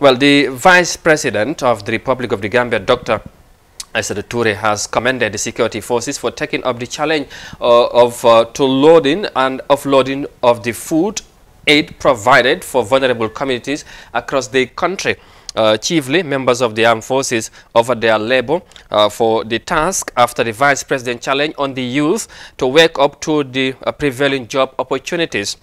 Well, the Vice President of the Republic of the Gambia, Dr. Aisada Toure has commended the security forces for taking up the challenge uh, of uh, to loading and offloading of the food aid provided for vulnerable communities across the country. Uh, chiefly, members of the armed forces offered their labor uh, for the task after the vice president challenge on the youth to wake up to the uh, prevailing job opportunities.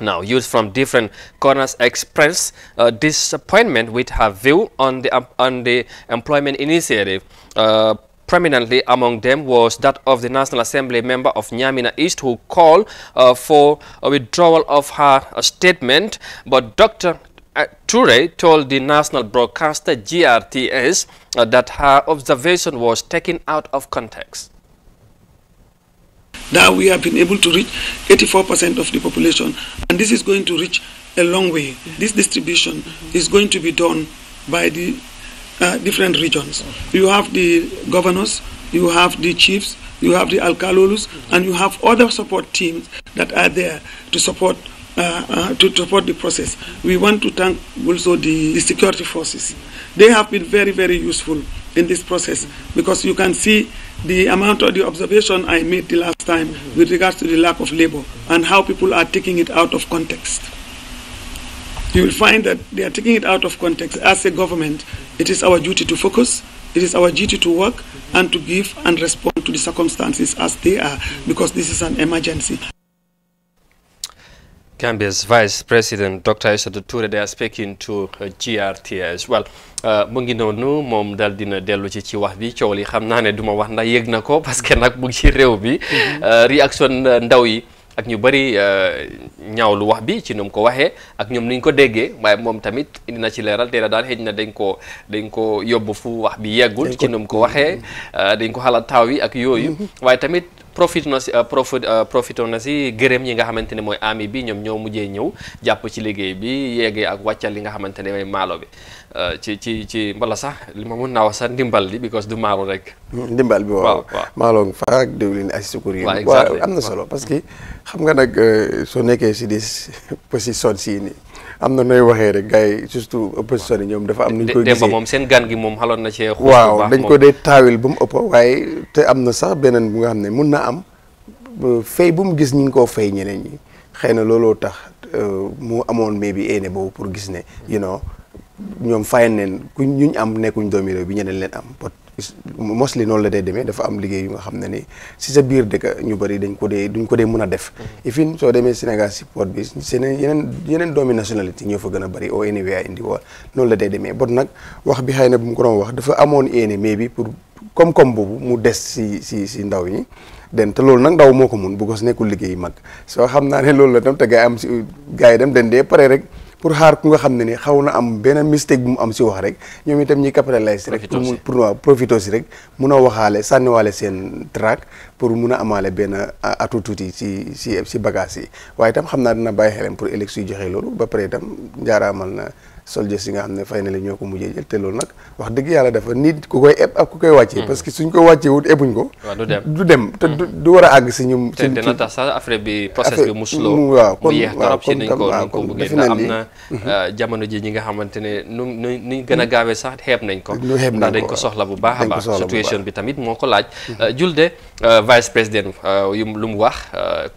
Now, youth from different corners expressed uh, disappointment with her view on the, um, on the employment initiative. Uh, prominently among them was that of the National Assembly member of Nyamina East who called uh, for a withdrawal of her uh, statement. But Dr. Uh, Ture told the national broadcaster GRTS uh, that her observation was taken out of context that we have been able to reach 84% of the population. And this is going to reach a long way. This distribution mm -hmm. is going to be done by the uh, different regions. You have the governors, you have the chiefs, you have the alcalolus, mm -hmm. and you have other support teams that are there to support uh, uh, to support the process. We want to thank also the, the security forces. They have been very, very useful in this process because you can see the amount of the observation I made the last time with regards to the lack of labor and how people are taking it out of context. You will find that they are taking it out of context. As a government, it is our duty to focus, it is our duty to work and to give and respond to the circumstances as they are because this is an emergency. Gambia's Vice President Dr. Isatou Touré they are speaking to uh, GRTS well uh, mu ngi noonu moom daal dina dellu ci ci wax bi coow li xam naa ne duma wax ndax yëg na ko parce que nag mu ngi ci réew bi mhm. uh, réaction ndaw yi ak ñu bëri ñaawlu wax bi ci nu mu ko waxee ak ñoom ni ko déggee waaye moom tamit indi na ci leeral teel daal xëy na dañ ko dañ ko yóbbu fu wax bi yeggul. ci nu mu ko waxee mhm. dañ ko xalaat taaw yi ak yooyu. Mhm. waaye tamit profite na si euh, profit euh, profité na si gërëm ñi nga xamante ne mooy ami bi ñoom ñoo mujjee ñëw jàpp ci liggéey bi yeggee ak wàccal li nga xamante ne mooy maalo bi euh, ci ci ci mbala sax li ma mun naa wax sax ndimbal li because du maalo rek. Hmm, ndimbal bi waaw waaw maalo nga fa ak diwlin ay sukur yi. waaw am na solo parce que xam nga nag soo nekkee si des position sii nii. am na nooy waxee rek gars yi surtout opposition yi ñoom dafa am nuñ koy gisee démb seen gan gi moom xaloon na cee waaw dañ ko dee taawil ba mu ëpp waaye te am na sax beneen bu nga xam ne mun na am fay bu mu gis ñu ngi koo fay ñeneen ñi xëy na looloo tax euh, mu amoon mais bi eene boobu pour gis ne you ñoom fayan neen ku ñu am nekkuñ doomi réew bi ñeneen leen am mostly noonu la day demee dafa am liggéey yu nga xam ne ni si sa biir dëkk ñu bari dañ ko dee duñ ko dee mun a def ifin mm-hmm. soo demee Sénégal si port bi seen yeneen yeneen doomi nationalité ñoo fa gën a bëri au anywhere in noonu la day demee bon nag wax bi xëy na bu mu ko doon wax dafa amoon yéene mais bi pour koom-koom boobu mu des si si si ndaw yi den te loolu nag ndaw moo ko mun bu ko nekkul liggéey mag soo xam naa ne loolu la tam te gars am si gars yi dem den dee pare rek pour xaar ku nga xam ne ni xaw na am benn mistake bu mu am si wax rek ñoom itam ñi capitaliser rek pour profito si rek mun a waxaale sànniwaale seen track pour mun a amaale benn atu tuuti si si si bagage yi waaye tam xam naa dina bàyyi xelam pour élection si joxe loolu ba pare itam njaaraamal na soldiers yi nga xamné ne finally ñoko mujjé jël té lool nak wax dëgg yalla dafa nit ku koy eb ak ku koy wàccee hmm. parce que suñ ko wàccee wut ebuñ ko du dem du dem te du wara ag ci ñum ci té dina tax sa affaire bi process bi muslo mu slow kon yeex torop ci ñu ko nañ ko bëggee ndax amna mhm. euh, jamono ji ñi nga xamante ne ñu nu nu gën sax xeeb nañ ko ndax dañ ko soxla bu baax ba situation bi tamit moko ko laaj euh, julde euh, vice president yu lu mu wax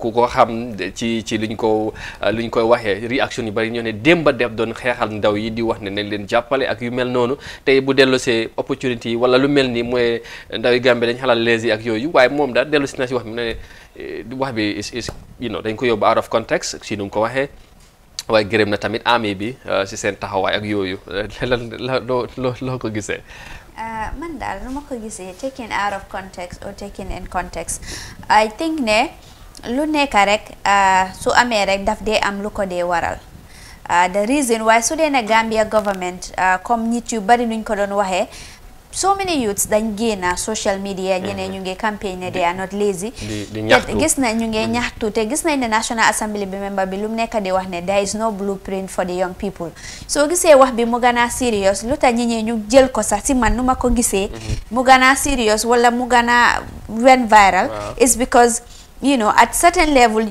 ku ko xam ci ci liñ ko liñ koy waxé réaction yu bari ñone demba démba def doon xéxal ndaw ndaw yi di wax ne nañ leen jàppale ak yu mel noonu tey bu delloosee opportunité yi wala lu mel ni mooy ndaw yi Gambie dañ xalaat les ak yooyu waaye moom daal delloosi na si wax mi ne eh, wax bi is you know dañ ko yóbbu out of context si nu ko waxee waaye gërëm na tamit ami bi eh, si seen taxawaay ak yooyu lan la loo loo ko gisee eh, man daal nu ma ko gisee taken out of context or taken in context I think ne lu nekk rek su amee rek daf dee am lu ko dee waral Uh, the reason why su dee ne Gambia government uh, comme nit yu bari nuñ ko doon waxee so many youths dañ génna social media ñeneen mhm. ñu ngi campagne ne they are not lazy te gis na ñu ngi mhm. ñaxtu te gis nañ ne National Assembly bi member bi lu mu nekk di wax ne there is no blueprint for the young people soo gisee wax bi mu gën a serious lu tax ñi ñi ñu jël ko sax si man nu ma ko gisee mhm. mu gën a serious wala mu gën a wen viral is because you know at certain level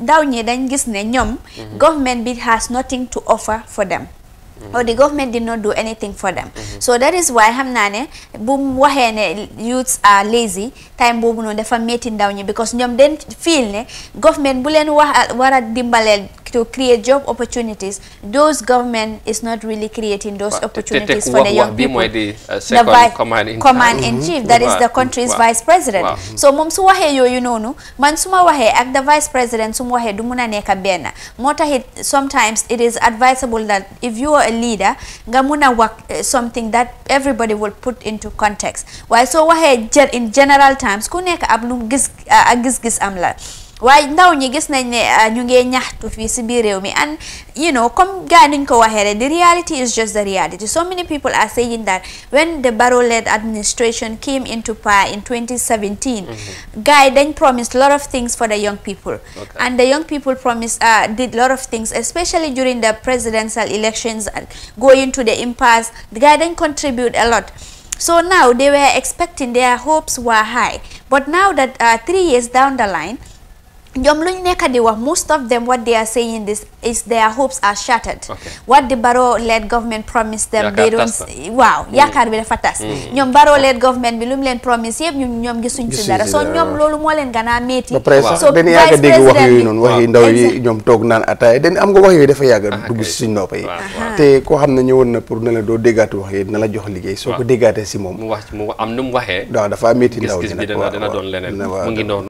ndaw ñi dañ gis ne ñoom mhm. government bi has nothing to offer for them mhm. or the government did not do anything for them mhm. so that is why xam naa ne bu mu waxee ne youths are lazy time boobu noon dafa metti ndaw ñi because ñoom den feel ne government bu leen wax war a dimbaleel to create job opportunities, those government is not really creating those opportunities for the young people. Uh, the second command in mm-hmm. vice president. So moom su waxee yooyu noonu man su ma waxee ak the vice president su ma waxee du mun a nekk benn moo taxit sometimes it is advisable that if you are a leader nga mun a wax eh, something that everybody will put into context waaye soo waxee in general terms ku nekk ab lu gis ak gis-gis am la Why ndaw ñi gis nañ ne ñu uh, ngee ñaxtu fii si biir réew mi and you know comme gars nuñ ko waxee rek the reality is just the reality so many people are saying that when the Barrow-led administration came into power in 2017 mm-hmm. gars dañ a lot of things for the young people and the young people promised uh, did lot of things especially during the presidential elections uh, going to the impasse gars dañ contribute a lot so now they were expecting their hopes were high but now that three years down the line ñoom lu ñu nekk di wax most of them what they are saying this is their hopes are shattered. what the Barrow led government promised them. they don't waaw mm. yaakaar bi dafa tas. ñoom mm. Barrow led government bi lu mu leen promise yëpp ñun ñoom gisuñ ci dara. so ñoom loolu moo leen gën a métti. so dañu yàgg a dégg wax yooyu noonu ndaw yi ñoom toog naan ataaya dañ am nga wax yooyu dafa yàgg a ah, dugg si suñ nopp yi. te koo xam ne ñëwoon na pour ne la doo déggaati wax yi na la jox liggéey. soo ko déggaatee si moom. mu wax mu am nu mu waxee. waaw dafa métti ndaw ñi nag